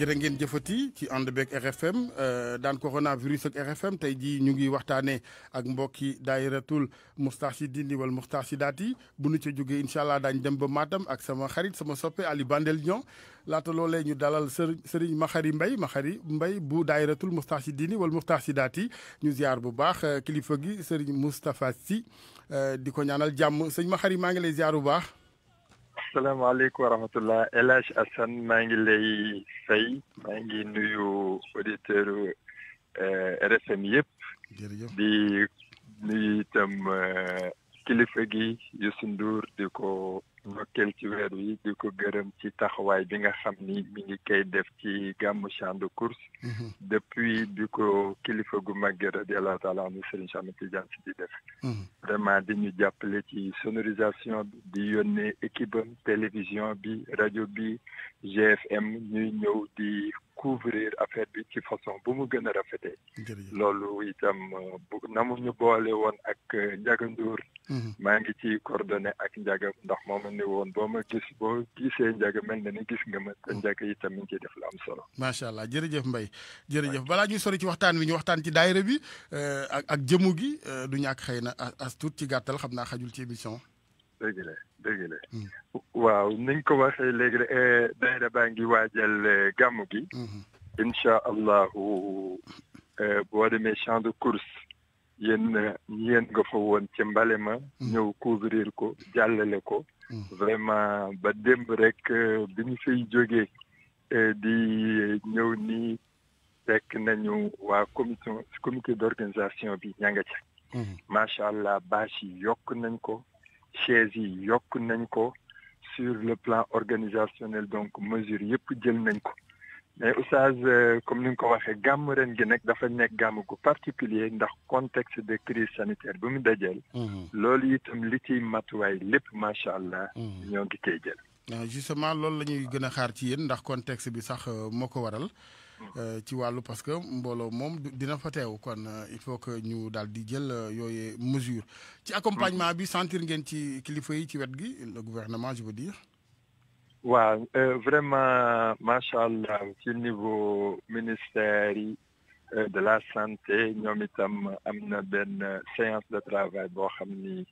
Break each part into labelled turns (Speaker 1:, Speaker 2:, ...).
Speaker 1: jërë ngeen jëfati ci ànd beeg RFM euh, daan coronavirus ak RFM tey jii ñu ngi waxtaanee ak mbokki daayiratul mustaasidiin wal mustaasidaat yi bu nu ca jógee incha allah daañu dem ba Matam ak sama xarit sama soppe Ali Bandel ñoo laata loolee ñu dalal sër sëriñ Maxari Mbay Maxari Mbay bu daayiratul mustaasidiin wal mustaasidaat yi ñu ziar bu baax euh, kilifa gi sëriñ Moustapha Sy euh, di ko ñaanal jàmm sëñ Maxari maa ngi lay ziar bu baax.
Speaker 2: asalaamaaleykum wa rahmatullah El Hadj Assane maa ngi lay fay maa ngi nuyu auditeur eh, RFM yëpp. jërëjëf di nuyu itam eh, kilifa gi Youssou Ndour di ko ndokkeel ci weer wi di ko gërëm ci taxawaay bi nga xam ni mi ngi koy def ci gàmmu champ de course mhm. depuis bi ko kilifa gu màgge radiallahu taala anu Serigne Cheikh Ahmed Tidiane Sy di def mhm. vraiment di ñu jàppale ci sonorisation bi di yónnee équipe télévision bi rajo bi GFM ñuy ñëw di couvrir affaire bi ci façon bu mu gën a rafetee. itam namu ñu ak euh, Ndiaga Ndour. Mhm. maa ngi ci coordonné ak Ndiaga ndax moom woon boo ma Ndiaga mel gis nga mm. itam def am solo.
Speaker 1: allah jërëjëf Mbaye jërëjëf balaa ñuy sori ci waxtaan bi ñu waxtaan ci daayira bi euh, ak ak euh, du ñàkk xëy as tuut ci gàttal xam naa
Speaker 2: dëgg la mm. waaw niñ ko waxee léegi eh, daayira baa ngi waajal eh, gàmmu gi mm-hmm. incha allahu eh, boo demee champ de course yéen yéen nga fa woon ci mbale ma mm. ñëw couvrir ko jàllale ko mm. vraiment ba démb rek bi ñu fiy jógee di ñëw ni fekk nañu waa commission comité d'organisation bi ña ca mm-hmm. macha allah bâche yi yokk nañ ko chaise yi yokk nañ ko sur le plan organisationnel donc mesure yëpp jël nañ ko mais oustaz euh, comme ni nga ko waxee ren gi nek dafa nek gàmm gu particulier ndax contexte de crise sanitaire bu mu dajeel mhm. lolou itam li ciy lepp lépp macha allah mhm. ñoo ngi koy jël
Speaker 1: ah, justement lolou lañuy gëna a xaar ci yeen ndax contexte bi sax euh, moko waral euh, ci walu parce que mbolo mom dina fa teew kon euh, il faut que ñu daal di jël euh, yoyé mesure ci accompagnement bi sentir ngeen ci kilifa yi ci wet gi le gouvernement je veux dire.
Speaker 2: wa vraiment machallah ci niveau ministère de la santé ñom itam am na séance de travail bo xamni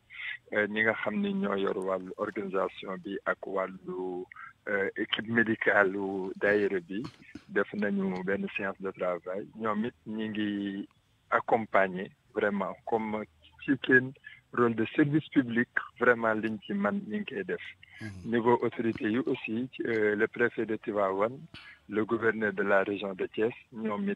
Speaker 2: ñi nga xamni ni ñoo yor wàllu organisation bi ak walu euh, équipe médicale ou d'aérobie, de def nañu séance de travail nous avons ñi vraiment comme type rôle de service public vraiment l'intimité ci man ñi mhm. niveau autorité aussi euh, le préfet de Tivawan, le gouverneur de la région de Thiès nous avons mis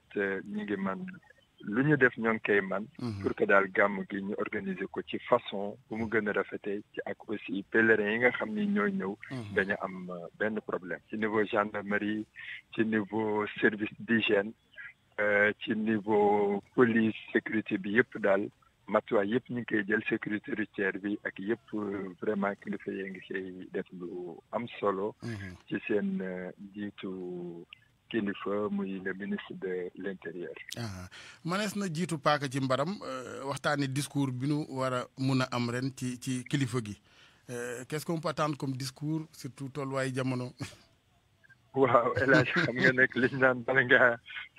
Speaker 2: lu ñu def ñoo ngi koy man mhm. pour que daal gàmm gi ñu organiser ko ci façon bu mu gën a rafetee ci ak aussi pèlerins yi nga xam ni ñoo ñëw mhm. dañu am euh, benn problème ci niveau gendarmerie ci niveau service d'hygiène euh, ci niveau police sécurité bi yëpp daal matuwaay yëpp ñu ngi koy jël sécurité routière bi ak yëpp euh, vraiment kilifa yi ngi koy def lu am solo mhm. ci seen jiitu kilifa muy le ministre de l' intérieur.
Speaker 1: na jiitu paaka ci mbaram euh, waxtaanee discours bi nu wara mun a am ren ci ci kilifa gi euh, qu' est ce qu' on peut attendre comme discours surtout tolluwaayu jamono. waaw El xam nga nekk liñ
Speaker 2: naan bala ngaa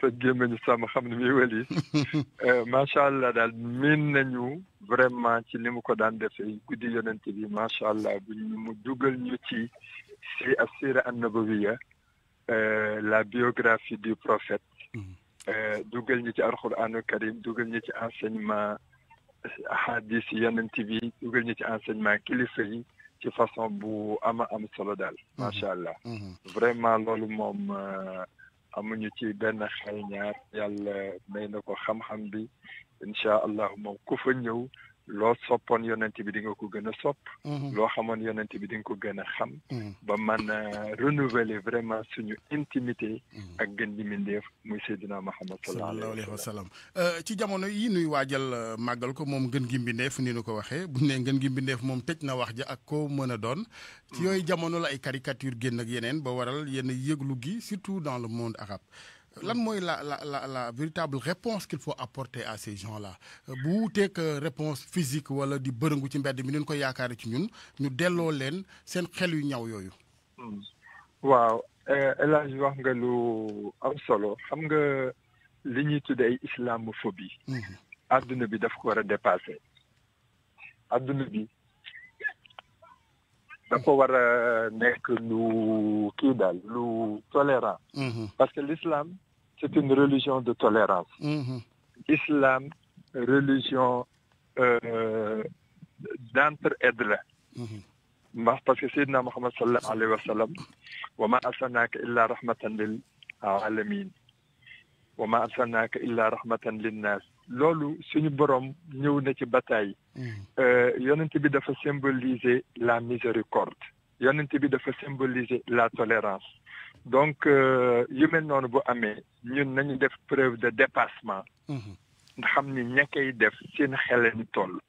Speaker 2: sa gémmiñu sama xam ne muy wëli euh, macha allah daal miin nañu vraiment ci ni mu ko daan defee guddi yonent bi macha allah bu mu dugal ñu ci si asira annabawiya Euh, la biographie du prophète mm. euh, dugal ni ci alxuraanu karim dugal ni ci enseignement hadis yonent bi dugal ni ci enseignement kilifa de façon Bou ama am solo daal mm-hmm. mm-hmm. vraiment l'homme mom euh, amuñu ci benn xel ñaar yàlla may na ko xam-xam bi incha allah moom ku fa ñëw loo soppoon yonent bi di nga ko gën a sopp mhm. loo xamoon yonent bi di nga ko gën a xam mhm. ba man renouveler vraiment suñu intimité mhm. ak gën di mindeef muy Seydina Muhammad sallallahu alayhi wa sallam euh, ci jamono yi nuy waajal euh,
Speaker 1: màggal ko moom ngën gi mbindeef ni nu ko waxee buñ ne ngën gi mbindeef moom tëj na wax ja ak ko mën a doon ci yooyu jamono la ay caricature génn ak yeneen ba waral yenn yëglu gi surtout dans le monde arabe lan mooy la la la la véritable réponse qu'il faut apporter à ces gens-là bu que euh, réponse physique wala di bërëngu ci mbedd mi ñu ko yaakaari ci ñun ñu delloo leen seen xel yu ñaw yooyu.
Speaker 2: Hmm. waaw euh, El Hadj wax nga lu am solo xam nga li ñuy tuddee islamophobie. Hmm. adduna bi daf ko war a dépasser. adduna bi dafa war a nekk lu kii daal lu tolérant. Hmm. parce que l'islam c'est une religion de tolérance. Mmh. Islam, religion euh, d'entre-aide.
Speaker 3: Mmh.
Speaker 2: Parce que Sidna Muhammad sallallahu alayhi wa sallam, Wa illa rahmatan lil alamin. Wa ma وَمَا illa rahmatan رَحْمَةً nas. loolu suñu borom ñew na ci bataille mm-hmm. euh, yonent bi dafa symboliser la miséricorde yonent bi dafa symboliser la tolérance donc euh, yu mel noonu bu amee ñun nañu def preuve de dépassement mhm. nga xam ni ña koy def seen xelani toll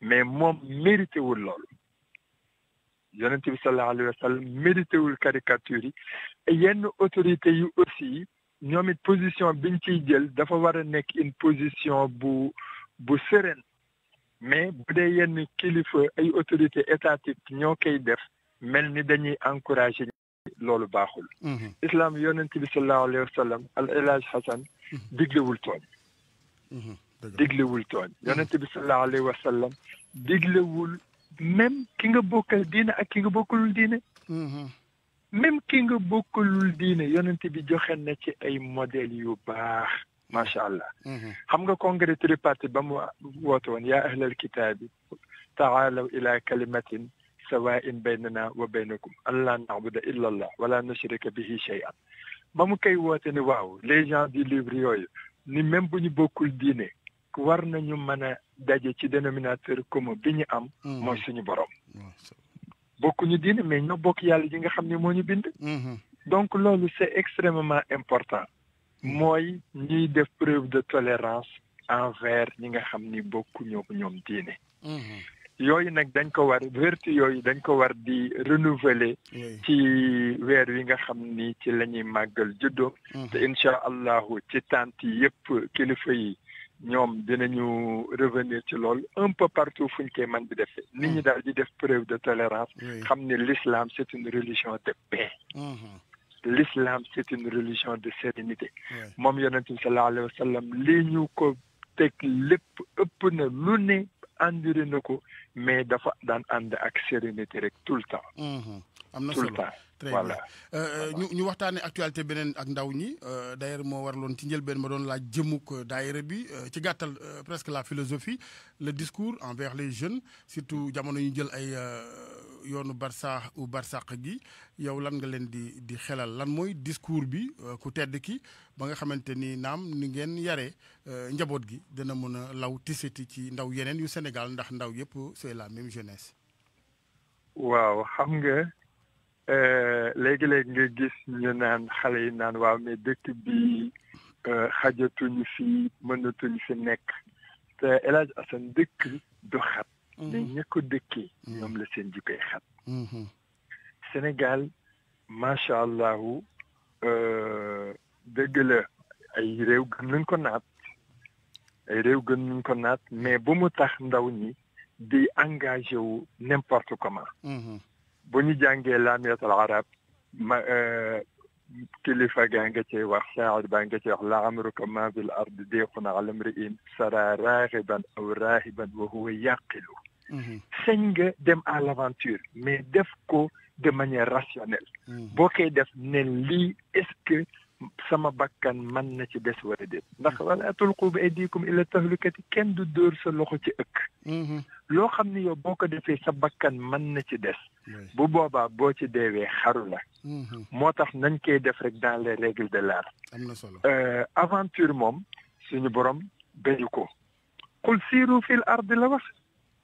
Speaker 2: mais moom mérité wul loolu yonent bi sallallahu alayhi wa sallam mérité wul caricature yi yenn autorité yi aussi ñoom it position biñ ciy jël dafa war a nekk une position bu bu sereine mais bu dee yenn kilifa ay autorité étatique ñoo koy def mel ni dañuy encourager loolu baaxul islam yonent bi sallallahu alayhi wa sallam al ilaaj xasan diglewul tooñ diglewul tooñ yonent bi sallallahu alayhi wa sallam diglewul même ki nga bokkal diine ak ki nga bokkalul diine même ki nga bokkalul diine yonent bi joxe na ci ay modèle yu baax macha allah xam nga congrès tripartite ba mu woote woon yaa ahlal kitaabi taalaw ila kalimatin سواء بيننا وبينكم لا نعبد إلا الله ولا نشرك به شيئا ممكن يواتي نواو ليجان دي ليبري يوي ني ميم بو ني بوكول ديني كوار نانيو مانا داجي تي دينوميناتور كومو بي ني ام مو سيني بوروم بوكو ني ديني مي نو بوك يالا جيغا خامني مو ني بيند دونك لولو سي اكستريمومون امبورطان موي ني ديف بروف دو توليرانس انفير نيغا خامني بوكو نيو نيوم ديني yooyu nag dañ ko war vertu yooyu dañ ko war di renouveler ci weer wi nga xam ni ci la ñuy màggal juddo mhm. te incha allahu ci tant yi yëpp kilifa yi ñoom dinañu revenir ci loolu un peu partout fuñ ñu koy mën di defee mhm. nit ñi daal di def preuve de tolérance xam ni l'islam c'est une religion de paix mhm. l'islam c'est une religion de sérénité moom yonent bi sallallahu alayhi wa sallam lii ñu ko teg lépp ëpp na lu ne andiri na ko mais dafa daan ànd ak sérénité rek tout le temps. Mhm. am na solo très bien
Speaker 1: euh, euh, ñu ñu waxtaanee actualité beneen ak ndaw ñi euh, d'ailleurs moo waraloon ci njëlbeen ma doon laaj jëmuk daayira bi ci gàttal presque la philosophie le discours envers les jeunes surtout jamono ñu jël ay. yoonu barsax u barsàq gi yow lan nga leen di di xelal lan mooy discours bi euh, ku tedd ki ba nga xamante ni naam ni ngeen yare euh, njaboot gi dana mën a law tisati ci ndaw yeneen yu Sénégal ndax ndaw yépp c'est la même jeunesse
Speaker 2: waaw xam nga euh, léegi-léegi nga gis ñu naan xale yi naan waaw mais dëkk bi xajatuñu fi mënatuñu fi nekk te El Hadj dëkk du xat ni ña ko dëkkee ñoom la seen jikkay xat Sénégal macha allahu dëgg la ay réew gën nañ ko naat ay réew gën nañ ko naat mais bu mu tax ndaw ñi di engagé wu n'importe comment bu ñu jàngee laamiyatul arab ma kilifa gaa nga cee wax saar baa nga cee wax la amruka ma fil ard deexun ala mriin sara raaxiban aw raahiban wa huwa yaqilu Mhm. sañ nga dem à l'aventure mais def ko de manière rationnelle mhm. boo koy def ne lii est sama bakkan man na ci des wala déet ndax mhm. wala tulqu bi aydikum ila tahlukati kenn du dóor sa loxo ci ëkk loo xam ne yow boo ko defee sa bakkan man na ci des bu boobaa boo ci deewee xaru la moo tax nañ koy def rek dans le règles de l'art am na solo euh, aventure moom suñu borom béyu ko qul siiru fil ardi la wax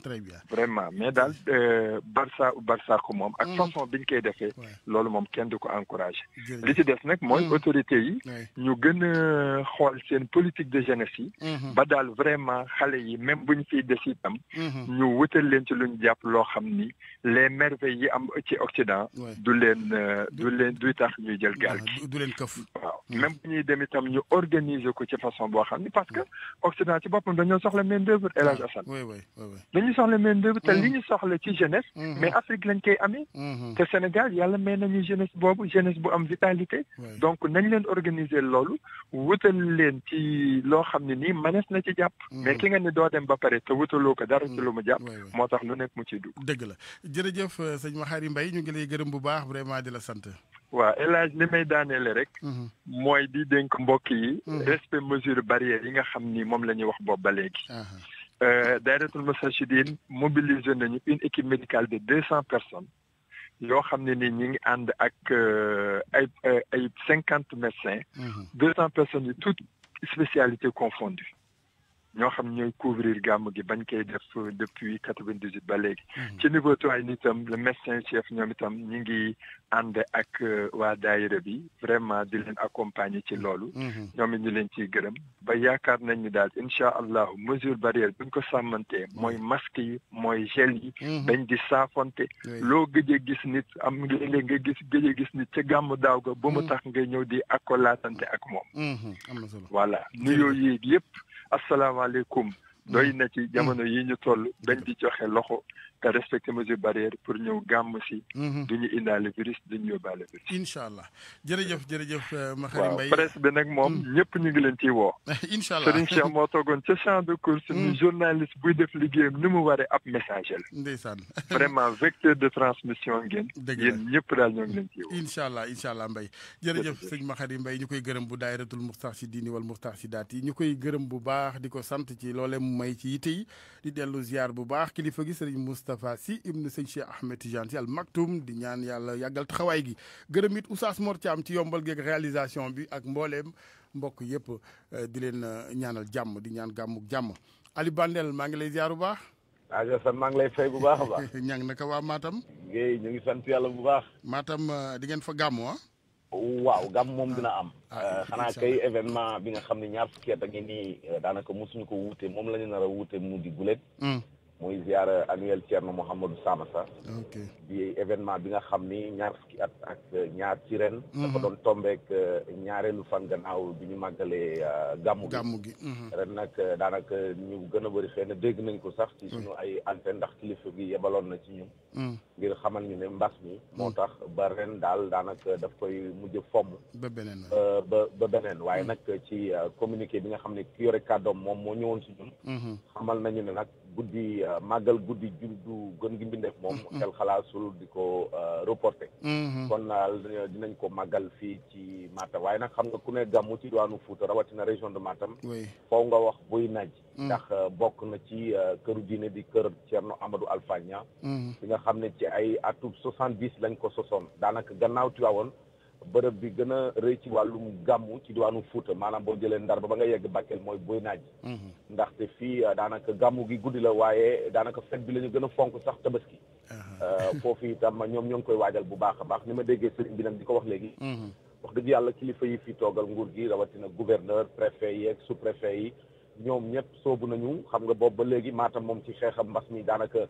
Speaker 2: très bien vraiment mais euh, Barça barça Barsax moom ak mm. façon biñ koy defee lolu mom kenn diko encourager li ci def nak moy mm. autorité yi ñu gën xol sen politique de jeunesse yi mm-hmm. ba dal vraiment xalé yi même buñ ñu fiy des itam mm-hmm. ñu wëteul leen ci luñu japp lo xamni les merveilles yi am ci Occident du leen euh, du leen du tax ñu jël gal gi du leen keuf même bu ñuy dem itam ñu organiser ko ci façon bo xamni parce que Occident ci boppam dañoo soxla main d'œuvre
Speaker 1: oui oui oui
Speaker 2: li soxla méngoog te li ñu soxla ci jeunesse. Mm-hmm. mais Afrique lañ koy amee. Mm-hmm. te Sénégal yàlla may nañu jeunesse boobu jeunesse bu am vitalité. donc nañ leen organiser l'olu, wutal leen ci loo xam ne nii mënees na ci jàpp. Mm-hmm. mais ki nga ne doo dem ba pare te wutaloo ko dara ci lu mu jàpp. moo tax lu nekk mu ciy dugg. dëgg la
Speaker 1: jërëjëf euh, sëñ Makhary Mbaye ñu ngi lay gërëm bu baax vraiment di la sant.
Speaker 2: waaw El Hadj li may daaneele rek. mooy di dénk mbokk yi. respect mesure barrière yi nga xam ni moom la ñuy wax boobu ba léegi. Uh-huh. Directeur a mobilise une équipe médicale de 200 personnes. Nous avons 50 médecins, 200 mmh. personnes de toutes spécialités confondues. ñoo xam ñooy couvrir gàmm gi bañ koy def euh, depuis quatre-vingt-dix-huit ba léegi. Mmh. ci niveau Tivaouane nitam le médecin chef ñoom itam ñu ngi ànd ak euh, waa daayira bi vraiment di leen accompagner ci loolu. Mmh. Mmh. ñoom it ñu leen ci gërëm. ba yaakaar nañ ni daal incha allahu mesure barrière buñ ko sàmmantee mooy masque yi mooy gel yi. dañ di saafonte. loo gëj gis nit am léeg-léeg nga gis gëj gis nit ca gàmm daaw ga. ba mu tax ngay ñëw di akkolaatante ak moom. am na solo voilà nuyoo yéeg yëpp. asalaamaaleykum doy mm. na ci jamono yi ñu toll bañ mm. di joxe loxo te respecté mesure barrière pour ñëw gàmm si. Mhm. du ñu indaale virus du ñu yóbbaale virus. inshallah allah
Speaker 1: jërëjëf jërëjëf. Euh, Makhari Mbaye waaw
Speaker 2: presse bi nag moom mhm. ñëpp ñu ngi leen ci wo incha allah Serigne Cheikh mo toogoon ca champ de course. ni mhm. journaliste buy def liggéeyam ni mu waré ab messager la. ndeysaan vraiment vecteur de transmission ngeen. dëgg la yéen ñëpp daal ñoo ngi leen ci wo inshallah inshallah mbay allah Mbaye jërëjëf sëñ
Speaker 1: Makhari Mbaye ñu koy gërëm bu daayiratul Moustarchidine wal Moustarchidaat yi ñu gërëm bu baax diko ko sant ci loolee mu may ci yité yi di delu ziar bu baax kilifa gi Serigne Moustapha Moustapha Sy ibn sëñ Cheikh Ahmed Tidiane Sy Al Maktoum di ñaan yàlla yàggal taxawaay gi gërëm it Oustaz Mor Thiam ci yombal geeg réalisation bi ak mbooleem mbokk yëpp euh, di leen euh, ñaanal jàmm di ñaan gàmmuk jàmm Ali maa ngi lay ziar bu baax. waaw maa ngi lay fay bu baax a baax. ñang naka waa ñu ngi sant yàlla bu baax. Matam euh, di ngeen fa gàmmu wa ah? waaw gàmm moom dina am. Ah, ah, xanaa kay événement bi nga xam ne
Speaker 4: ñaar fukki at nii daanaka mosuñu ko wuute moom la nar a wuute mu di gulet. Hmm. muy ziara annuel Thierno Mouhamadou Samassa di événement bi nga xam ni ñaar fukki at ak ñaar ci ren mhm. dafa doon tombeek euh, ñaareelu fan gannaaw bi ñu maggalee gàmmu euh, gàmmu gi mhm. ren nag euh, daanaka ñu gën a bëri xëy na dégg nañ ko sax ci mhm. suñu ay antenne ndax kilifa gi yebaloon na ci ñu ngir xamal ñu ne mbas mi moo tax ba ren daal daanaka daf koy mujj fomm ba beneen ba ba beneen waaye nag ci communiqué bi nga xam ne ki yore kàddoom moom moo ñëwoon si ñun xamal nañu ne nag guddi euh, màggal guddi juddu gën gi mbindeef moom mm-hmm. xel xalaasul di ko euh, reporté mm-hmm. kon euh, dinañ ko màggal fii ci Matam waaye nag xam nga ku ne gàmmu ci diwaanu Fuuta rawatina région de Matam foo nga wax buy naaj mm. ndax bokk na ci kër diine di kër Cerno Amadou Alfagna mm-hmm. bi nga xam ne ci ay atub soixante-dix lañ ko sosoon daanaka gannaaw Tiwaawoon bërëb bi gën a rëy ci wàllum gàmmu ci diwaanu Fuuta maanaam boo jëlee ndar ba ba nga yegg Bakel mooy buy ndax mhm. ndaxte fii euh, daanaka gàmmu gi guddi la waaye daanaka fête bi lañu gën a fonk sax tabaski uh-huh. euh, foofu itam ñoom ñoo ngi koy waajal bu baax a baax ni ma déggee sëriñ bi nag di ko wax léegi mhm. wax dëgg yàlla kilifa yi fi toogal nguur gi rawatina gouverneur préfet yi ak sous préfet yi ñoom ñëpp soobu nañu xam nga boobu ba léegi maatam moom ci xeexam mbas mi daanaka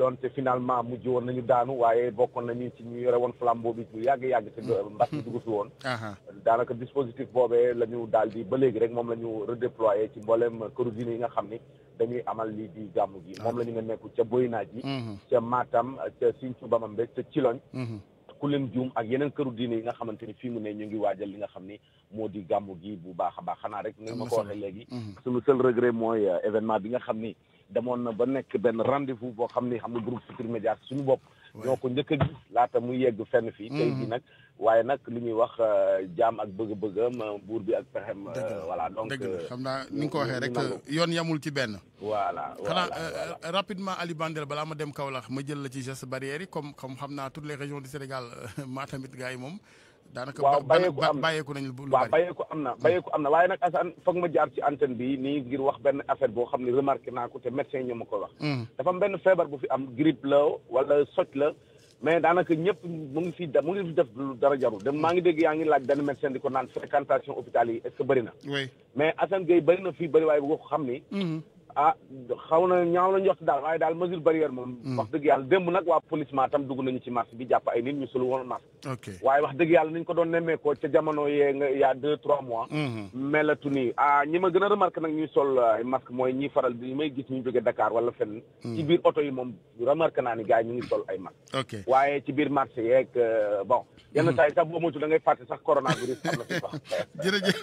Speaker 4: donte finalement mujj woon nañu daanu waaye bokkoon nañu ci ñu yore woon flambeau bi bu yàgg yàgg te mm-hmm. mbas mi dugg fi woon uh-huh. daanaka dispositif boobee la ñu ba léegi rek moom la ñu ci mbooleem këru diine yi nga xam ni dañuy amal lii di gàmmu gi uh-huh. moom la nga nekku ca Boyinaaj yi mm-hmm. ca Matam ca Sinthiou Bamambé ca Ciloñ mm-hmm. Kulim Dioum ak yeneen këru diine yi nga xamante ni fii mu ne ñu ngi waajal li nga xam ni moo di gàmmu gi bu baax a baax xanaa demoon na ba nekk benn rendez-vous boo xam ni xam nga groupe Futurs Médias suñu bopp ñoo ko njëkk a gis laata mu yegg fenn fii mm. tey jii nag waaye nag li ñuy wax euh, jaam ak bëgg-bëggam euh, buur bi ak pexem euh, voilà donc xam naa ni nga ko waxee rek
Speaker 1: yoon yamul ci benn voilà xanaa rapidement Ali Bandel balaa ma dem Kaolack ma jël la ci geste barrière yi comme xam naa toutes les régions du Sénégal maa tamit gars yi moom daanaka bayeeku am na bayeeku nañu lu bari waaw bayeeku am na hmm. bayeeku
Speaker 4: am na waaye nag Assane foog ma jaar ci antenne bi nii ngir wax benn affaire boo xam ne remarqué naa ko te médecin ñoo ma koy wax hmm. dafa am benn feebar bu fi am grippe la wala socc la mais daanaka ñëpp mu ngi fi da mu ngi fi def lu dara jarul dem maa ngi dégg yaa ngi laaj benn médecin di ko naan fréquentation hôpital yi est-ce que na mais Assane Gueye bëri na fii bëri waaye boo xam ni hmm. ah xaw na ñaaw na njort daal waaye daal mesure barrière moom mm. wax dëgg yàlla démb nag waa police Matam dugg nañu ci marché bi jàpp ay nit ñu sulu woon marché waaye wax dëgg yàlla niñ ko doon ca jamono yee nga y a deux trois mois mm-hmm. melatu nii ah ñi ma gën a remarqué nag ñuy sol ah, masque mooy ñi faral di may gis ñu jóge Dakar wala fenn mm. ci biir oto yi moom remarqué naa ni gars ñu ngi sol ay masque waaye ci biir marché yeeg euh, bon mm-hmm. yenn saa yi sax boo moytu da ngay fàtte sax coronavirus
Speaker 1: am na fi jërëjëf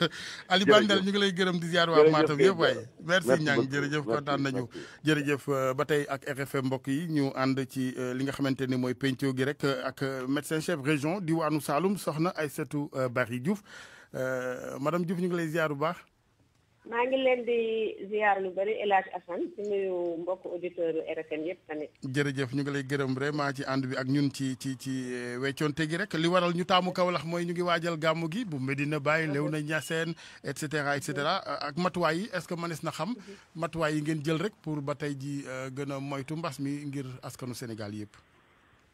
Speaker 1: Bandel ñu ngi lay gërëm di ziar waa Matam yëpp merci Niang jërëjëf jërëjëf kontaan nañu jërëjëf euh, RFM yi ñu ci euh, li nga euh, médecin chef région diwaanu Saloum soxna madame Diouf ñu ngi lay
Speaker 5: maa ngi leen di ziar lu bëri El Hadj Assane di nuyu mbokku auditeurs RFM tamit.
Speaker 1: jërëjëf ñu ngi lay gërëm vraiment ci ànd bi ak ñun ci ci ci eh, weccoonte gi rek li waral ñu taamu Kaolack mooy ñu ngi waajal gàmmu gi bu Medina Baye Léona Niassène et cetera et cetera ak matuwaay yi est-ce que mënees na xam mhm. matuwaay yi ngeen jël rek pour ba tey ji euh, gën a moytu mbas mi ngir askanu Sénégal yëpp.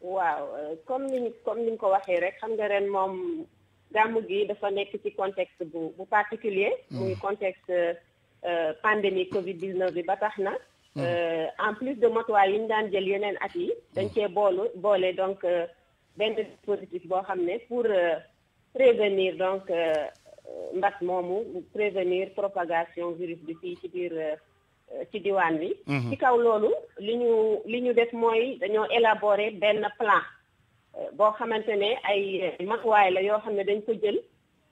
Speaker 5: waaw euh, comme ni comme ni nga ko waxee rek xam nga ren moom gàmmu gi dafa nekk ci contexte bu bu particulier mm. muy contexte euh, pandémie covid 19 bi ba tax na mm. euh, en plus de motuwaay yi ñu daan jël yeneen at yi dañ mm. cee boolu boole donc euh, benn dispositif boo xam ne pour prévenir donc mbas moomu prévenir propagation virus bi fii ci biir ci diwaan bi mm-hmm. ci kaw loolu li ñu li ñu def mooy dañoo élaborer benn plan bo xamantene ne ay matuwaay la yoo xam ne dañ ko jël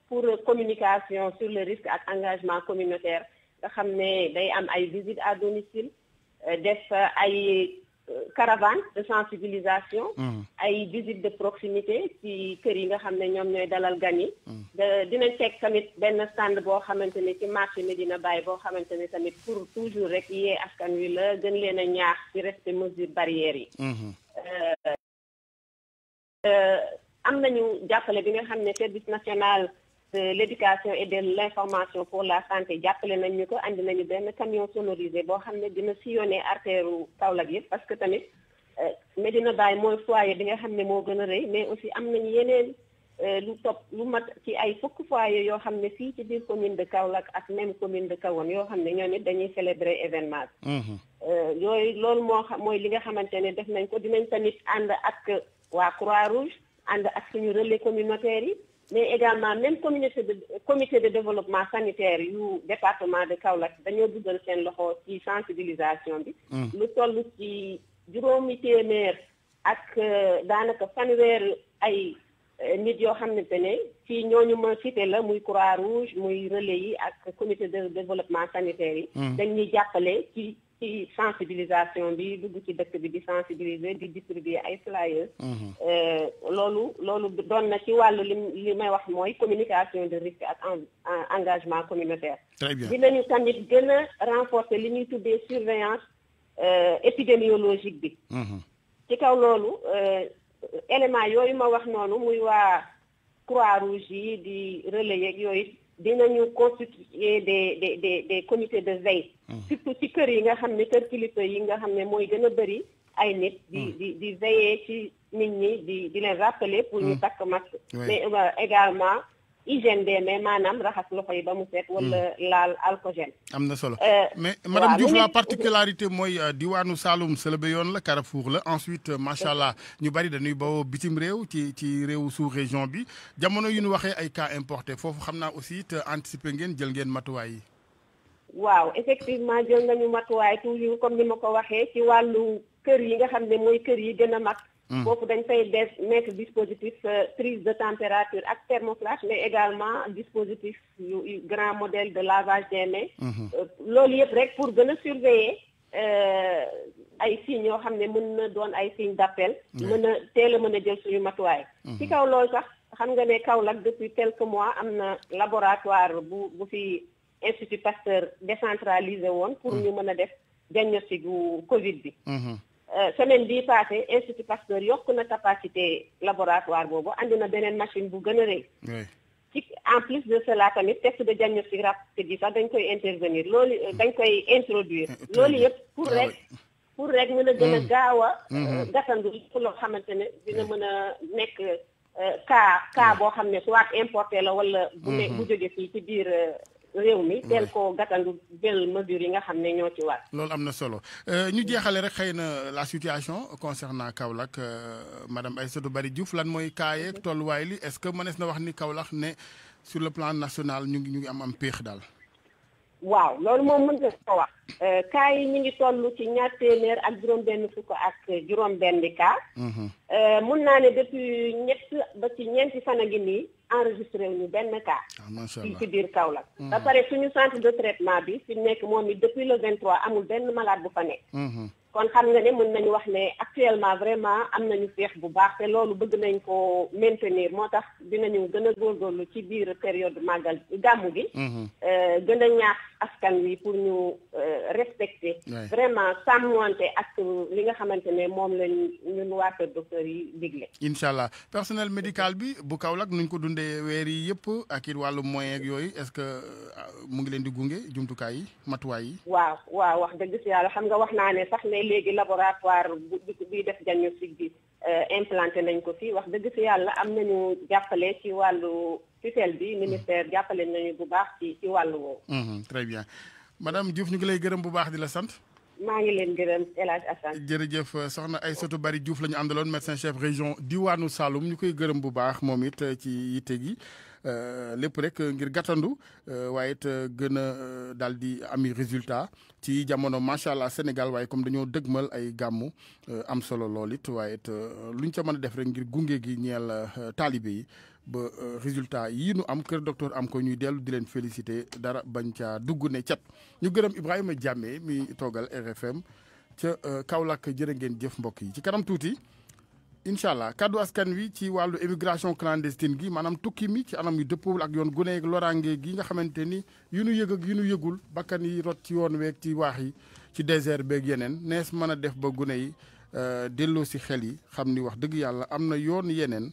Speaker 5: pour communication sur le risque ak engagement communautaire nga xam ne day am ay visite à domicile euh, def euh, ay euh, caravane de sensibilisation mm-hmm. ay visite de proximité ci kër yi nga xam ne ñoom ñooy dalal gan yi mm-hmm. dinañ teg tamit benn stand boo xamante ne ci marché Medina Baye boo xamante ne tamit pour toujours rek yee askan wi la gën leen a ñaax ci respect mesure barrière yi mm-hmm. Euh, am nañu jàppale bi nga xam ne service national de l' éducation et de l' information pour la santé jàppale nañu ko andi nañu benn camion sonorisé boo xam ne dina sillonné artère Kaolack yi parce que tamit euh, Medina Baye mooy foyer bi nga xam ne moo gën a rëy mais aussi am nañu yeneen euh, lu topp lu mat ci ay fukk foyer yoo xam ne fii ci biir commune de Kaolack ak même commune de Kahone yoo xam ne ñoom it dañuy célébrer événement bi. Mmh yooyu loolu moo xam mooy li nga xamante ne def nañ ko dinañ tamit ànd ak. waa Croix Rouge ànd ak suñu relais communautaire yi mais également même communauté de comité de développement sanitaire yu département de Kaolack dañoo dugal seen loxo ci sensibilisation bi. Hmm. lu toll ci juróomi téeméer ak euh, daanaka fanweer ay euh, nit yoo xamante ne ci ñooñu ma cité la muy Croix Rouge muy relais yi ak comité de développement sanitaire yi. Hmm. dañuy jàppale ci. ci sensibilisation bi dugg ci dëkk bi di sensibiliser di distribuer ay flyers. Mhm. Euh, loolu loolu doon na ci wàllu li li may wax mooy communication de risque ak engagement communautaire. très bien dinañu tamit gën a renforcer li ñuy tuddee surveillance euh, épidémiologique bi. Mhm. ci kaw loolu euh, élément yooyu ma wax noonu muy waa croix rouge yi di relais yeeg yooyu dinañu constituer des des comités de veille. Hmm. surtout ci kër yi nga yi nga ay nit. Hmm. di di veiller ci nit ñi di di rappeler. pour ñu hmm. mais euh, également des hmm. euh,
Speaker 1: madame Diouf la particularité euh, Saloum Selebe Carrefour ensuite euh, machallah ñu bari dañuy bitim ci sous région bi jamono yu ñu cas importé fofu xamna aussi te anticiper ngeen jël ngeen yi.
Speaker 5: effectivement jël comme ni ci Mmh. foofu dañ fay def nekk dispositif euh, prise de température ak thermoflash mais également dispositifs yu grand modèle de lavage des mains mmh. euh, loolu yëpp rek pour gën a surveiller euh, ay signes yoo xam ne mën na ay d'appel mmh. mën a teel a mën a jël suñu matuwaay ci kaw loolu sax xam nga ne Kaolack depuis quelques mois am na laboratoire bu bu fi Institut Pasteur décentralisé woon pour ñu mën a def diagnostic bu Covid bi Euh, semaine bii passé institut Pasteur yokk na capacité laboratoire boobu andi na beneen machine bu gën a rëy. ci en plus de cela tamit test de diagnostic rapide yi sax dañ koy intervenir loolu euh, dañ koy introduire. Euh, loolu yëpp pour ah rek pour rek mën a gën a gaaw a. gàttandu loo xamante ne dina mën a nekk cas cas boo xam ne soit importé la wala. bu ne bu jóge fii ci biir. réew mi teel koo gàttandu jël mesures yi nga xamné
Speaker 1: ñoo ci war. lolou amna solo euh ñu jéxalé rek xeyna la situation concernant Kaolack euh, madame Aïssatou Bari Diouf lan moy kayé tolluwaay li est-ce que manes na wax ni Kaolack né sur le plan national ñu ngi ñu ngi am am péex dal
Speaker 6: waaw loolu moom mën nga ko wax
Speaker 5: euh, cas yi ñu ngi toll ci ñaar téeméer ak juróom-benn fukk ak juróom-benn cas. Mhm. Euh, mun naa ne depuis ñett ba ci ñeenti fan a ngi nii enregistré wu benn cas. Ah, macha allah fii ci biir Kaolack. Mhm. ba pare suñu centre de traitement bi fi nekk moom it depuis le 23 amul benn malaat bu fa nekk. Mhm. kon xam nga ne mën nañu wax ne actuellement vraiment am nañu feex bu baax te loolu bëgg nañ ko maintenir moo tax dinañu gën a góorgóorlu ci biir période màggal gàmmu gi mhm. euh, gën a ñaax askan wi pour ñu euh, respecter vraiment sam sàmmante ak li nga xamante ne moom lañ ñun waa kër yi digle
Speaker 1: incha allah personnel médical bi bu kaw Kaolack nuñ ko dundee weer yi yëpp ak it wàllu moyen yooyu est-ce que euh, mu ngi leen di gunge jumtukaay yi matuwaay yi
Speaker 5: waaw waaw wax dëgg laboratoire
Speaker 1: très bien madame Diouf ñu ngi lay gërëm bu baax la sant. ngi leen gërëm Assane. jërëjëf soxna la médecin chef région diwaanu Saloum gërëm bu baax ci Euh, lépp rek ngir gàttandu euh, waaye it euh, gën a daal di ami résultat ci jamono macha allah Sénégal waaye comme dañoo dëgmal ay gàmmu am solo lool it waaye it lu ñu ca mën a def rek ngir gunge gi ñeel taalibe yi ba résultat yi nu am kër docteur am ko ñuy dellu di leen félicité dara bañ ca dugg ne cat ñu gërëm Ibrahima Diame mi toogal RFM ca Kaolack jërë ngeen jëf mbokk yi ci kanam tuuti. incha allah kàddu askan wi ci wàllu émigration clandestine gi maanaam tukki mi ci anam yu dëppawul ak yoon gune ak loraange gi nga xamante ni yu nu yëg ak yu nu yëgul bakkan yi rot ci yoon weeg ci waax yi ci désert beeg yeneen nees mën a def ba gune yi euh, delloo si xel yi xam ni wax dëgg yàlla am na yoon yeneen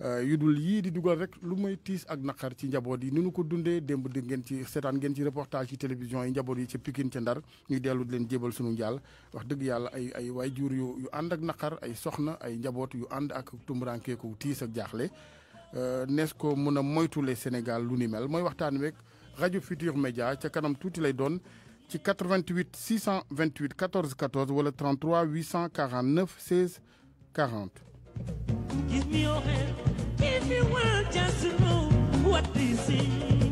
Speaker 1: Euh, yu dul yii di dugal rek lu may tiis ak naqar ci njaboot yi ni nu ko dundee demb dégg ngeen ci seetaan ngeen ci reportage ci télévision yi njaboot yi ca Pikine ca Ndar ñuy dellu leen jébal sunu njaal wax dëgg yàlla ay ay waajur yu yu ànd ak naqar ay soxna ay njaboot yu ànd ak tumuraankeeku tiis ak jaaxle euh, nees ko mën a moytule Sénégal lu ni mel mooy waxtaan week rajo Futur Média ca kanam tuuti lay doon ci 88 628 14 14 wala 33 849 16 40
Speaker 7: Give me your hand if you want just to know what this is.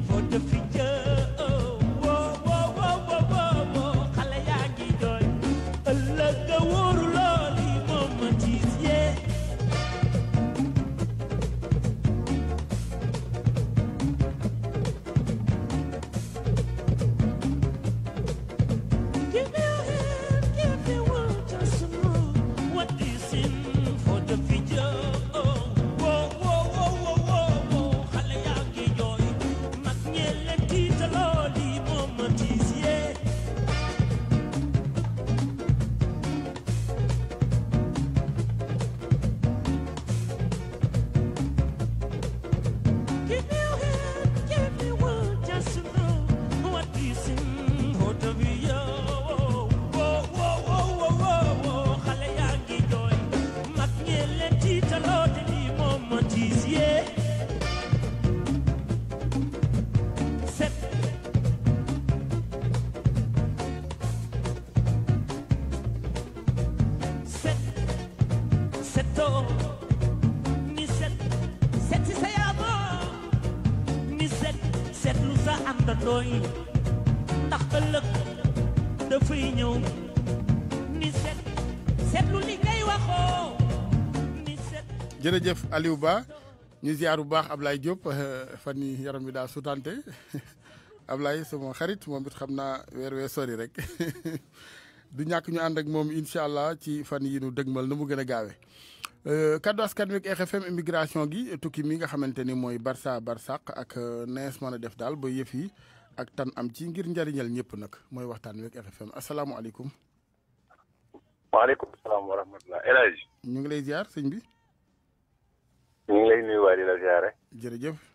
Speaker 7: setoo ni set set si sa yaaboo ni set set lu sa àndandoo yi ndax ëllëg
Speaker 1: dafay ñëw
Speaker 7: ni set set lu waxoo
Speaker 1: ni set jërëjëf Aliou Ba ñu ziar bu baax laay Diop euh, fan yi yaram wi daa sutante Ablaye sama xarit moom it xam naa weer wee sori rek du ñàkk ñu ànd ak moom incha allah ci fan yi nu dëgmal na mu gën a gaawe euh, kaddu askan wi ak immigration gi tukki mi nga xamante ni mooy Barça Barsaq ak euh, nees mën a def daal ba yëf ak tan am ci ngir njariñal ñëpp nag mooy waxtaan wi ak RFM asalaamualeykum. waaleykum salaam wa rahmatulah ñu ngi lay jaar sëñ bi.
Speaker 8: ñu ngi lay nuyuwaat di la ziare. jërëjëf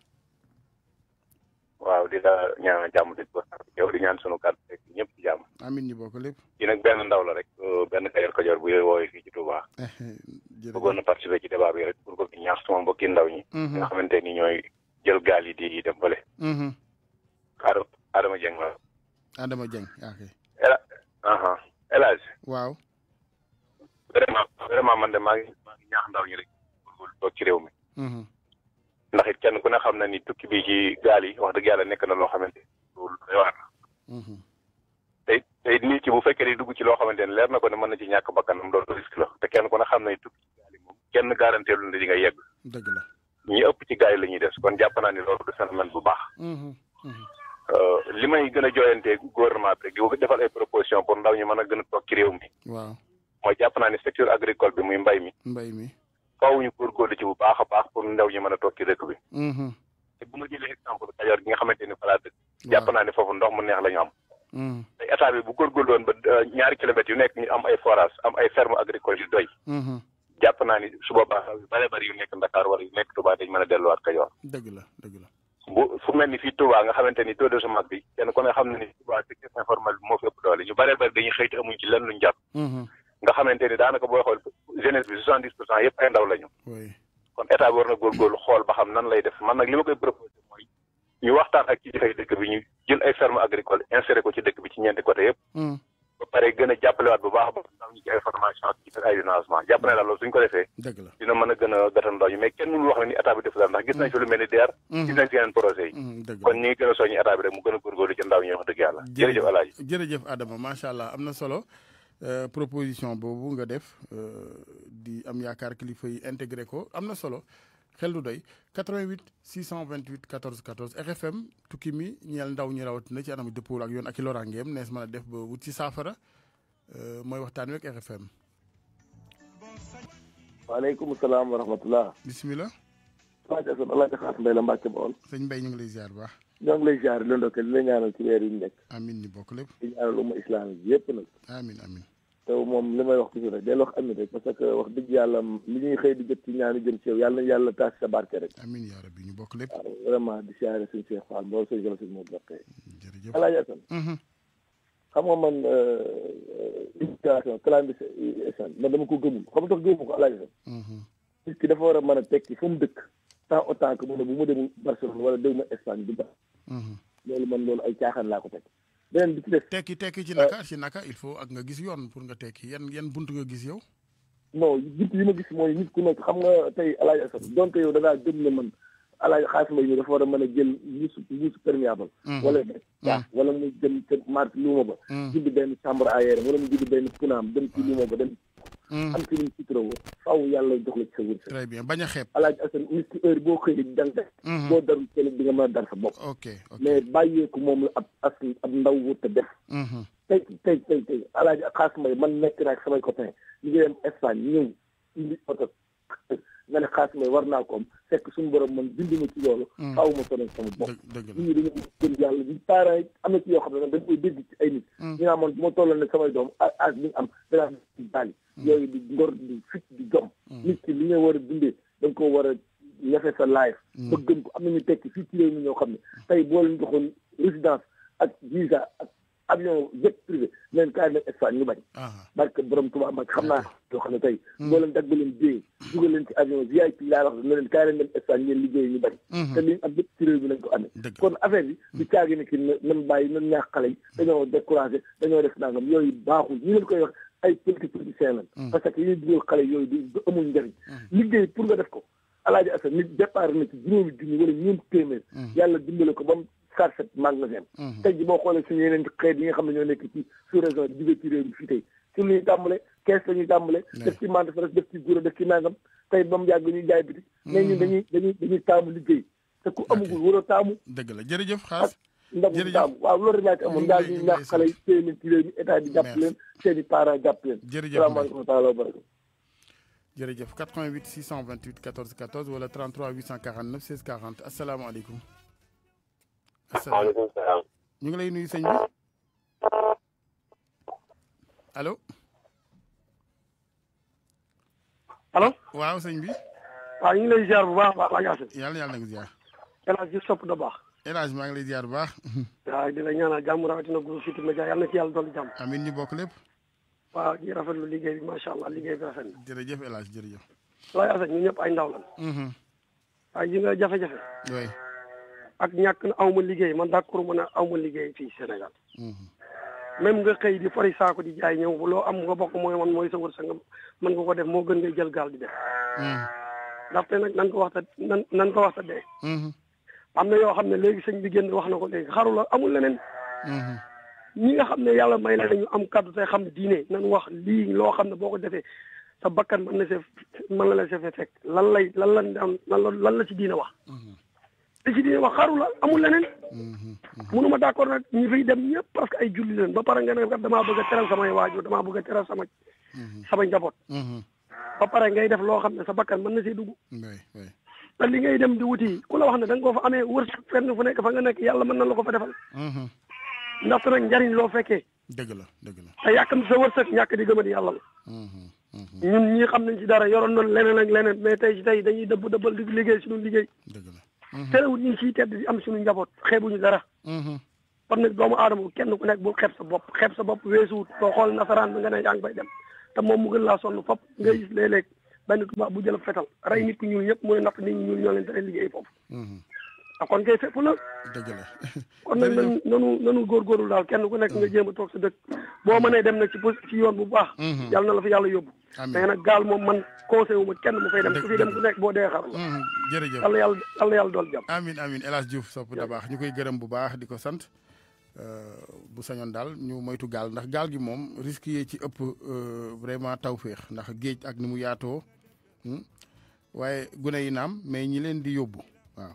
Speaker 8: waaw di la ñaanal jàmm di ko yow di ñaan sunu kàddu rek ñëpp ci jàmm
Speaker 1: amin ñu bokk lépp
Speaker 8: ci nag benn ndaw la rek euh, benn kayor kajoor bu yooyu wooyu fii ci Touba bëggoon na participer ci débat bi rek pour ko ñaax suma mbokki ndaw ñi mhm. nga xamante ni ñooy jël gaal yi di dem fële mhm. Adama Dieng la
Speaker 1: Adama Dieng ok
Speaker 8: Ela aha Elage waaw vraiment vraiment man de maa ngi maa ngi ñaax ndaw ñi rek pour toog ci réew mi mhm. ndax kenn ku ne xam na ni tukki bi ci gaal yi wax dëgg yàlla nekk na loo xamante loolu doy waar na mhm. te tey nit ki bu fekkee di dugg ci loo xamante ne leer na ko ne mën na ci ñàkk bakkanam loolu risque la te kenn ku ne xam na ni tukki ci gaal moom kenn garantie lu ne di nga yegg dëgg la ñi ëpp ci gaal yi la ñuy des kon jàpp naa ni loolu du phénomène bu baax
Speaker 3: mhm. Mhm.
Speaker 8: Euh, li may gën a jooyantee gouvernement bi rek di defal ay proposition pour ndaw ñi mën a gën a toog ci réew mi waaw mooy naa ni secteur agricole bi muy mbay mi faaw ñu góorgóorlu ci bu baax a baax pour ndaw ñi mën a toog ci dëkk bi. Mm-hmm. te bu ma jëlee exemple Kajoor gi nga xamante ni fa laa dëkk. jàpp naa ne foofu ndox mu neex la ñu am. Mm-hmm. te état bi bu góorgóorlu woon ba euh, ñaari kilomètres yu nekk ñu am ay forage am ay ferme agricole yu doy. Mm-hmm. jàpp naa ni su boobaa yu bare bari yu nekk Ndakaar wala yu nekk Touba dañ mën a delluwaat Kajoor.
Speaker 1: dëgg la dëgg la.
Speaker 8: bu fu mel ni fii Touba nga xamante ni taux de bi kenn ku ne xam na ni Touba secteur informel bi moo fi doole ñu bare bari dañuy xëy amuñ ci nga xamante ni daanaka booy xool jeunesse bi soixante dix pour cent yëpp ay ndaw la ñu. kon état bi war na góorgóorlu xool ba xam nan lay def man nag li ma koy proposé mooy ñu waxtaan ak ci jëfee dëkk bi ñu jël ay ferme agricole inséré ko ci dëkk bi ci ñeenti côté yëpp. Hmm. ba pare gën a jàppalewaat bu baax a baax ndaw ko defee. dëgg la dina mën a gën a gàttal ndaw ñi mais kenn mënu wax ne ni état bi def daal ndax gis nañ fi mel ni DER. Hmm. gis nañ fi hmm,
Speaker 1: a a Euh, proposition bobu nga def euh, di am yaakaar kilifa yi intégrer ko amna solo xel du doy 88 628 14 14 RFM tukki mi ñeel ndaw ñi na ci anam dëppoo ak yoon ak i nees mën def ba wut ci saafara euh, mooy waxtaan wi ak RFM.
Speaker 9: waaleykum salaam wa rahmatullah bismillah waa Jassane El Hadj Xaas Mbaye la Mbacke Baol.
Speaker 1: sëñ Mbaye ñu ngi lay ziar bu baax.
Speaker 9: ñoo ngi lay ziar di la ndokkee la ñaanal ci weer yi ñu nekk.
Speaker 1: amiin ñu bokk lepp
Speaker 9: di ñaanal umma islam bi nak amin amin te moom li may wax toujours rek del wax amin rek parce que wax dëgg yàlla li ñuy xëy di jot ci ñaanu jëm ci yow yàlla na yàlla taas sa barke rek.
Speaker 1: amiin yaa rabbi ñu bokk lépp.
Speaker 9: waaw di siyaare suñu Cheikh Fall mbool suñu jëloon suñu mbokk yi.
Speaker 3: jërëjëf El Hadj Assane. Mhm.
Speaker 9: xam nga euh, euh, man dama ko gëmul xam nga tax gëmu ko El Hadj Assane. Mhm. nit ki dafa war a mën a tekki fu mu dëkk. tant autant que mu ne bu ma demul Barcelone wala déw ma Espagne du baax. Mhm. loolu man loolu ay caaxaan laa ko teg.
Speaker 1: beneen bi tekki tekki ci naka ci naka il faut ak nga gis yoon pour nga tekki yan yan bunt nga gis yow. non bunt yi ma gis mooy nit ku
Speaker 9: nekk xam nga tey El Hadj Assane donte yow da ngaa gëm ne man El Hadj ma yi dafa war a mën a jël mbuus mbuus perméable. Mm-hmm. wala de. Mm-hmm. waaw wala mu jëm ca marché luuma ba. Mm-hmm. jubbi benn chambre aérée wala mu jubbi benn kunaam dem ci luuma ba dem. Mm. am ci lu mu suturoo faw yàlla jox
Speaker 1: la bien bañ a xeeb.
Speaker 9: alaaj asan nit ki heure boo xëyee di dante. Mm-hmm. boo darul kenn di nga mën a dar sa bopp. ok mais bàyyeeku moom la ab as ab ndaw wut a def. Mm-hmm. tey may man nekk naa ak samay copains ñu ngi dem Espagne ñëw indi oto. nga ne xaas may war naa ko am fekk suñu borom man binduma ci loolu faaw mm. ma moom sama bopp nit ñi dañu gën yàlla ñu parents am na yoo xam ne dañ koy dégg ci ay nit ñu mm. naa man bu ma samay doom âge bi am danaa ci baali mm. yooyu di ngor di fit di li nga war a dundee dañ ko war a ñafe sa life gën ko am nañu tekki fii ci réew mi ñoo xam ne tey boo leen joxoon résidence ak visa ak avion jet privé leen kaay leen Espagne ñu bañ barke borom Tuubaa mag xam naa yoo xam ne tey hmm. boo leen dag ba leen dee dugal leen ci avion VIP laa wax ne hmm. ko amee kon affaire bi du hmm. caagi ne ki nan bàyyi yooyu baaxul ñu leen koy wax ay politique politicien lañ parce que yooyu dugal xale yooyu du amul njëriñ liggéey pour nga def ko alaaji Assane nit départ na ci juróomi junni wala ñeent téeméer yàlla ko sarset magasin mhm. tey ji boo xoolee suñu yeneen xeet yi nga xam ne ñoo nekk ci sous réseau jóge ci réew mi fii tey suñu ñuy tàmbale kees la ñuy tàmbale def ci mante faras def ci gura def ci nangam tey ba mu yàgg jaay biti mais mhm. ñun dañuy dañuy dañuy taamu liggéey te ku amugul waroo taamu deug la jërëjëf xaas ndax taamu waaw loolu rek ci amoon daal ñu ñaax xale yi seen i état bi jàpp leen seen i parents jàpp leen salaamaaleykum wa
Speaker 1: jërëjëf 88 628 14 14 wala 33 849 16 40 asalaamaaleykum asalaamaaleykum salaam. ñu ngi lay nuyu sëñ bi allo. allo. waaw sëñ bi. waaw ñu ngi lay ziar bu baax a baax laa jaase. yàlla yàlla na ko ziar. El Hadj Sopp da baax. El maa ngi lay ziar bu baax.
Speaker 6: waaw di la ñaanal jàmm rawatina groupe Futurs Médias yàlla na ci yàlla dolli jàmm.
Speaker 1: amiin ñu bokk lépp.
Speaker 6: waaw ñu rafetlu liggéey bi macha allah liggéey bi rafet na. jërëjëf El Hadj jërëjëf. laa jaase ñun ñëpp ay ndaw lan. Mm-hmm. waaye ji nga jafe-jafe. ak ñàkk na awma liggéey man daa mën a awma liggéey fii Sénégal mm-hmm. même nga xëy di fari saako di jaay ñëw loo am nga bokk mooy man mooy sa wërsëg nga mën nga ko def moo gën ngay jël gaal di def mm-hmm. ndaxte nag nan ko wax ta nan nan ko wax ta dee mm-hmm. am na yoo xam ne léegi sëñ bi génn wax na ko léegi xarula la amul leneen ñi nga xam ne yàlla may na ñu am kàddu te xam diine nan wax lii loo xam ne boo ko defee sa bakkan mën na see mën na la see fekk lan lay lan lan lan la ci diine wax décidé wax xaru la amul leneen mënuma mhm, mhm. d'accord nag ñi fiy dem ñëpp parce que ay julli leen ba pare nga ne kat damaa bëgg a teral samay waajur damaa bëgg a teral sama mhm. sama njaboot ba pare ngay def loo xam ne sa bakkan man na see dugg te li ngay dem di wuti ku la wax ne da nga ko fa amee wërsëg fenn fu nekk fa nga nekk yàlla mën na la ko fa defal ndaxte nag njariñ loo fekkee
Speaker 3: dëgg la dëgg
Speaker 6: la te yàkkam sa wërsëg ñàkk di gëmadi yàlla la ñun ñi xam nañ ci dara yoroon noonu tey si tey dañuy dëbb dëbbal di liggéey suñu liggéey dëgg Mhm. terewul ñu ngi siy tedd di am suñu njaboot xeebuñu dara. Mhm. kon nag doomu aadama kenn ku nekk bu xeeb sa bopp xeeb sa bopp weesuwut soo xool nasaraan bi nga ne yaa ngi bay dem te moom mu gën laa sonn fop nga gis léeg-léeg benn tubaab bu jël fetal rey nit ku ñuul ñëpp mooy napp nit ñi ñuul ñoo leen tere liggéey foofu. Mhm. Ah, kon kay fépp la. dëgg la kon nag nanu góor nanu góorgóorlu daal kenn ku nekk nga mm. jéem a toog sa dëkk boo mënee dem nag ci yoon bu baax. Mm-hmm. yàlla na la fa yàlla yóbbu. amiin mais nag gaal moom man conseil wu kenn mu fay dem ku
Speaker 1: nekk boo dee mm-hmm. jërëjëf yàlla yàlla yàlla yàlla dool jàmm. amiin amiin El Hadj Diouf sopp baax ñu koy gërëm bu baax di ko sant euh, bu sañoon daal ñu moytu gaal ndax gaal gi moom risque yi ci ëpp euh, vraiment tawféex ndax géej ak nu mu yaatoo hmm? waaye gune yi naam mais ñi leen di yóbbu waaw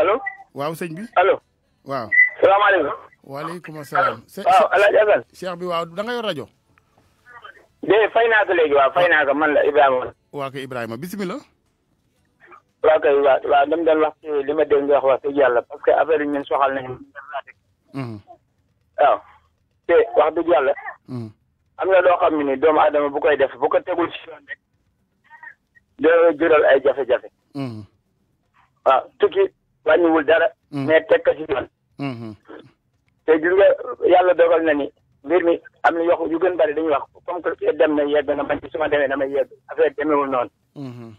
Speaker 1: allo. waaw sëñ bi alo waaw. salaamaaleykum. waaleykum salaam. waaw bi waaw da nga rajo. de fay naa ko léegi waaw fay naa ko man la Ibrahima. waa kay Ibrahima bisimilah.
Speaker 7: waaw kay waaw waaw dama doon wax ci li ma dégg nga wax wax yàlla parce que affaire yi ñun soxal nañu. Mhm. waaw te wax dëgg yàlla. Mhm. am na loo xam ni doomu aadama bu koy def boo ko tegul ci yoon rek. jural ay jafe-jafe. Mhm. waaw tukki wàññiwul dara. Mm. mais teg ko ci yoon. Mm-hmm. te gis nga yàlla dogal na ni mbir mi am na yoo yu gën bari dañuy wax comme que dem na yegg na man ci su ma demee damay yegg affaire demewul noonu. Mm-hmm.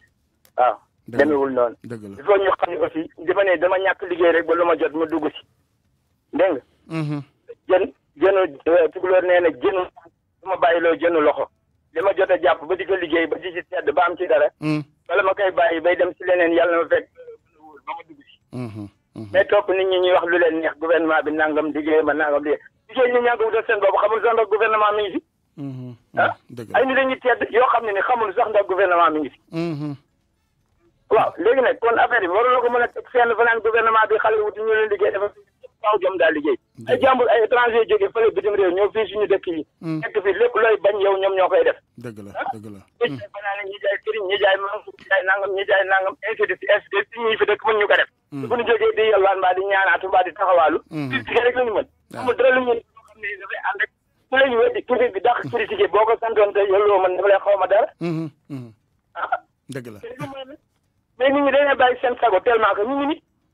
Speaker 7: waaw demewul noonu. dëgg la il xam ne aussi dafa ne dama ñàkk liggéey rek ba lu ma jot ma dugg ci dégg mm-hmm. jën jënu euh, tukulóor nee na jënu su ma bàyyiloo jënu loxo li ma jot a jàpp ba di ko liggéey ba di ci sedd ba am ci dara. wala mm. ma koy bàyyi bay dem ci leneen yàlla ma fekk Mm-hmm. mais topp nit ñi ñuy wax lu leen neex guvernement bi nangam liggéey ma nangam liggéey jigéen ñi ñànga wutal seen bopp xamul sax ndax gouvernement mi ngi fi mm-hmm. ah mm-hmm. ay nit dañuy tedd yoo xam ne ni xamul sax ndax gouvernement mi ngi fi waaw léegi nag kon affaire war waru la ko mën a teg fenn fanaan gouvernement bi xale wuti ñu leen liggéey dafa waaw jom daal liggéey ay jàmbur ay étranger jógee fële bitim réew ñëw fii suñu dëkk yi nekk mm. fii lépp looy bañ yow ñoom ñoo koy def
Speaker 3: dëgg la ah. dëgg la
Speaker 7: ñi jaay mm. ñi jaay de suite ainsi ko def bu mm. ñu jógee di yalwaan mbaa ñu mën amul dara lu ñu xam ne dafay ànd rek ku lay boo ko santoon te yolloo man dafa ma dara
Speaker 3: mm-hmm, mm-hmm. Ah. dëgg la
Speaker 7: mais nit ñi dañuy bàyyi seen sago tellement que ñu ngi nit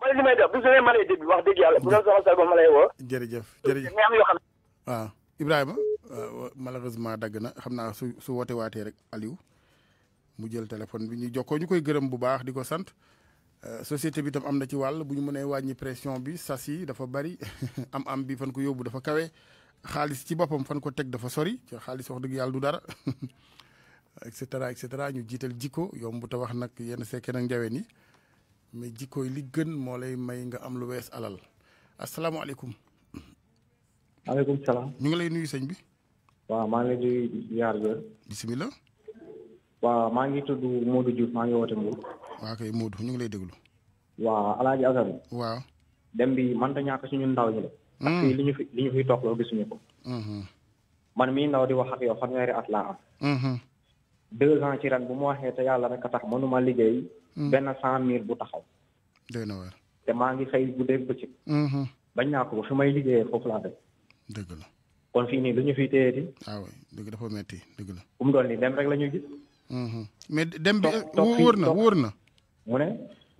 Speaker 7: wala li may def bu sene mané dégg wax dégg yàlla bu doon soxla ba ma lay woo
Speaker 1: jërëjëf jërëjëf mais am yoo xam waaw ibrahima euh, malheureusement dagg na xam naa su su woote waatee rek aliou mu jël téléphone bi ñu jokkoo ñu koy gërëm bu baax di ko euh, société bi tam am ci wàll bu ñu mënee pression bi sas dafa bari am am bi fan ko yóbbu dafa kawe xaalis ci boppam fan ko teg dafa sori ci xaalis wax dëgg yàlla du dara et cetera et cetera ñu jiital jikko yomb te wax nag yenn sekkee nag njaween yi mais jikkooy li gën moo lay may nga am lu wees alal asalaamaaleykum. maaleykum salaam. ñu ngi lay nuyu sëñ bi.
Speaker 10: waaw maa ngi lay nuyu yaar maa ngi tudd Modou Diouf maa ngi woote Mbour.
Speaker 1: waaw kay Modou ñu ngi lay déglu.
Speaker 10: waaw Alaaji Assane. waaw. dem bi mënta ñàkk suñu ndaw ñi la. Hmm. ak li ñu fi li hmm. man mii ndaw di wax ak yow fanweeri at laa am. Hmm. deux ans ci ren bu ma waxee te yàlla rek a tax mënuma liggéey. Mm. benn cent mille bu taxaw. doy na waar te maa ngi xëy bu dee bëccëg. Mm-hmm. bañ naa ko ba fi may liggéeyee foofu laa def. dëgg la. kon fii nii lu ñu fiy téyeeti.
Speaker 1: waaw ah dëgg dafa metti dëgg la. fu mu doon nii dem rek la ñuy gis. Mm-hmm. mais dem bi wóor na wóor na. mu ne.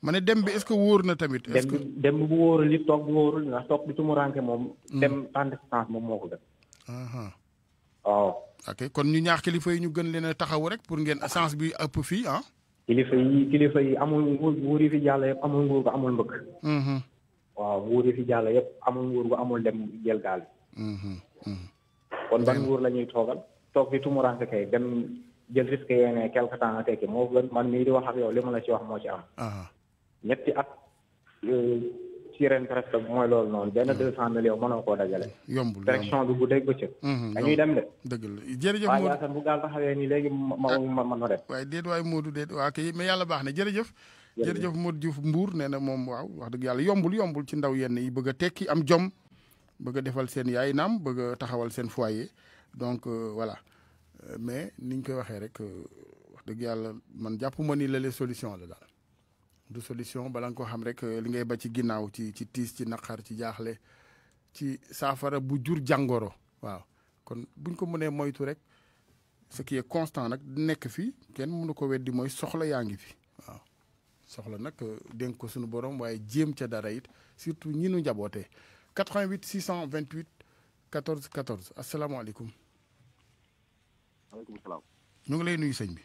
Speaker 1: ma ne dem bi est que wóor na tamit. est-ce que dem bu wóorul li toog bu wóorul ndax toog bi tumuranke moom. Mm. dem en distance moom moo ko gën. waaw. ok kon ñu ñaax kilifa yi ñu gën leen a taxawu rek pour ngeen essence bi ëpp fii ah.
Speaker 10: kilifa yi kilifa yi amul nguur yi fi jàll yëpp amul nguur gu amul mbëkk. Mm-hmm. waaw nguur yi fi jàll yëpp amul nguur gu amul dem jël gaal.
Speaker 3: Mm-hmm. Mm-hmm.
Speaker 10: kon ban nguur la toogal toog di tumuraanke kay dem jël risque yee ne quelque temps nga tekki moo gën man mii di wax ak yow li la ci wax moo ci am. ñetti at. Euh, ci ren presque mooy loolu noonu benn hmm. deux cent millions mënoo
Speaker 1: yombul direction bi bu dégg bëccëg. Hmm, dañuy de. dëgg la jërëjëf Modou waaw yaakaar bu gaal taxawee nii léegi ah. waaye déet waay Modou déet waa kay mais yàlla baax na jërëjëf. jërëjëf Modou Diouf Mbour nee na moom waaw wax dëgg yàlla yombul yombul ci ndaw yenn i bëgg a tekki am jom bëgg defal seen yaay naam bëgg taxawal seen foyer donc euh, voilà euh, mais niñ koy waxee rek euh, wax dëgg yàlla man jàpp ma ni la solution la daal du solution bala nga ko xam rek euh, li ngay ba ci ginnaaw ci ci tiis ci naqar ci jaaxle ci saafara bu jur jàngooro waaw kon buñ ko mënee moytu rek ce qui est constant nag nekk fii kenn mënu ko di mooy soxla yaa ngi fi waaw soxla nag euh, dénk ko suñu borom waaye jéem ca dara it surtout ñi nu njabootee 88 628 14 14 asalaamaaleykum. waaleykum salaam. ñu ngi lay nuyu sëñ bi.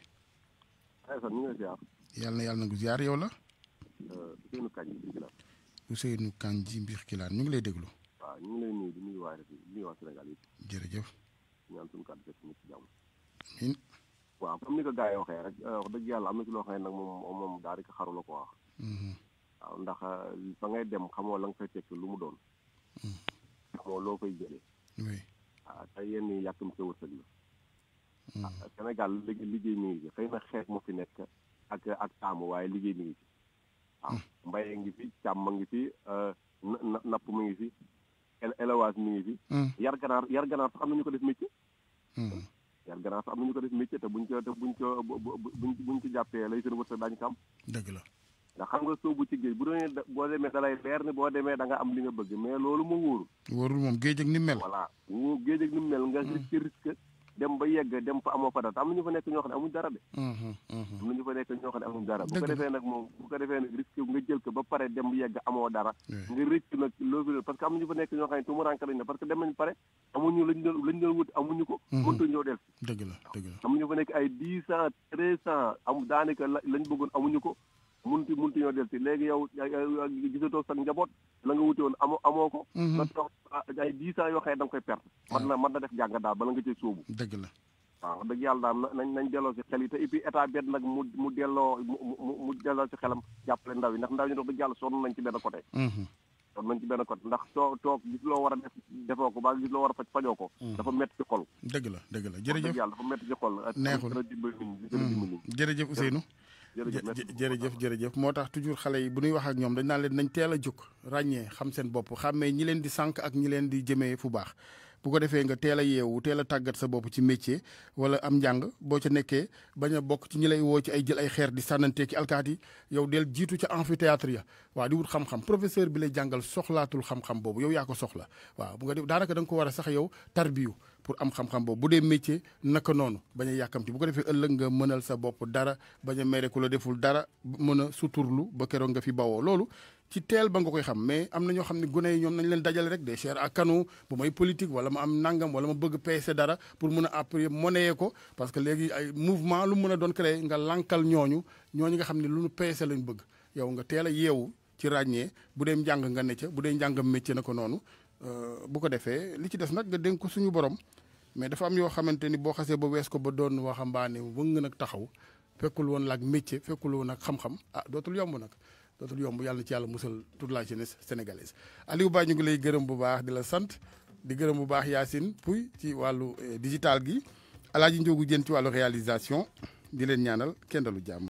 Speaker 1: yàlla na yàlla na gu ziar yow la.
Speaker 11: Ousseynou Kandji Birkilane.
Speaker 1: Ousseynou Kandji Birkilane ñu ngi lay déglu.
Speaker 11: waaw ñu ngi lay nuyu di nuyu waa RFI di waaw comme ni ko gars yi waxee rek euh, wax dëgg yàlla am na ci loo xam ne nag moom moom daal di ko xaru la ko waaw ndax euh, fa ngay dem xamoo la nga fay fekk lu mu doon. Mm. xamoo loo fay jëlee. oui. waaw te yenn yi yàkkam sa wërsëg la. Mm. Sénégal liggéey mi ngi ci xëy na xeex moo fi nekk ak ak taamu waaye liggéey mi ngi waaw ah. hmm. mbay ngi fi càmm ngi fi euh, napp mi ngi fi élevage mi ngi fi hmm. yar ganaar yar ganaar sax am na ñu ko def métier hmm. yar ganaar am na ko def métier te buñ ko te buñ ko buñ ko jàppee lay seen wërsëg daañu ko am dëgg la ndax xam nga soobu ci géej bu doonee boo demee da lay leer ni boo demee danga am li nga bëgg mais loolu moo wóorul
Speaker 1: wóorul moom géej ak ni mel voilà
Speaker 11: wóor géej ni mel nga risque risque dem ba yegg dem fa amoo fa dara am na ñu fa nekk ñoo xam ne amuñ dara de.
Speaker 1: am
Speaker 11: na ñu fa dara. bu ko defee nag moom bu ko defee nag risque nga jël ko ba pare dem yegg amoo dara. nga rëcc nag loolu parce am ñu fa nekk ñoo xam ne tumurank lañ ne parce que dem nañ pare amuñu lañ doon lañ doon wut amuñu ko. Mhm. mëntuñ ñoo def. dëgg la na ñu fa nekk ay dix cent treize cent am daanaka lañ bëggoon amuñu ko. munti munti yoo del si léegi yow gisatoo sa njaboot la nga wuti woon amoo amoo ko mhm. nga toog ah, ay dix ans yoo xëy da nga koy perte man na man na def jàngat daal bala nga cay
Speaker 1: sóobu dëgg la
Speaker 11: waaw dëgg yàlla daal nañ nañ delloo si xel yi te et puis état mhm. a def defoo ko ba gis loo war a faj fajoo ko mhm. dafa métti ci xol dëgg
Speaker 1: la dëgg la jërëjëf yàlla dafa métti ci xol neexul dimbali nit ñi jërëjëf Ousseynou jërëjëf jërëjëf moo tax toujours xale yi bu ñuy wax ak ñoom dañ naan leen nañ teel a jóg ràññee xam seen bopp xàmmee ñi leen di sànq ak ñi leen di jëmee fu baax bu ko defee nga teel a yeewu teel a tàggat sa bopp ci métier wala am njàng boo ca nekkee bañ a bokk ci ñi lay woo ci ay jël ay xeer di sànnantee ki alkaati yow del jiitu ca amphithéâtre ya waa di wut xam-xam professeur bi lay jàngal soxlaatul xam-xam boobu yow yaa ko soxla waaw bu nga def daanaka da nga ko war a sax yow tarbiyu pour am xam-xam boobu bu dee métier naka noonu bañ a yàkkamti bu ko defee ëllëg nga mënal sa bopp dara bañ a mere ku la deful dara mën a suturlu ba keroog nga fi bawoo loolu ci teel ba nga koy xam mais am na ñoo xam ne gune yi ñoom nañ leen dajale rek des chers à kanu bu may politique wala ma am nangam wala ma bëgg peese dara pour mën a appuyer monnaie ko parce que léegi ay mouvement lu mën a doon créer nga lankal ñooñu ñooñu nga xam ne lu nu peese lañ bëgg yow teel a yeewu ci ràññee bu dee njàng nga ne ca bu dee njàngam métier na ko noonu Euh, bu ko defee li ci des nag nga dénk suñu borom mais dafa am yoo xamante ni boo xasee ba wees ko ba doon waxambaane wëng nag taxaw fekkul woon la ak métier fekkul woon ak xam-xam ah dootul yomb nag dootul yomb yàlla ci yàlla musal tout la jeunesse sénégalaise. Aliou Ba ñu ngi lay gërëm bu baax di la sant di gërëm bu baax Yacine Pouy ci wàllu eh, digital gi Alaaji Njóogu Jën ci wàllu réalisation di leen ñaanal kenn kendalu jàmm.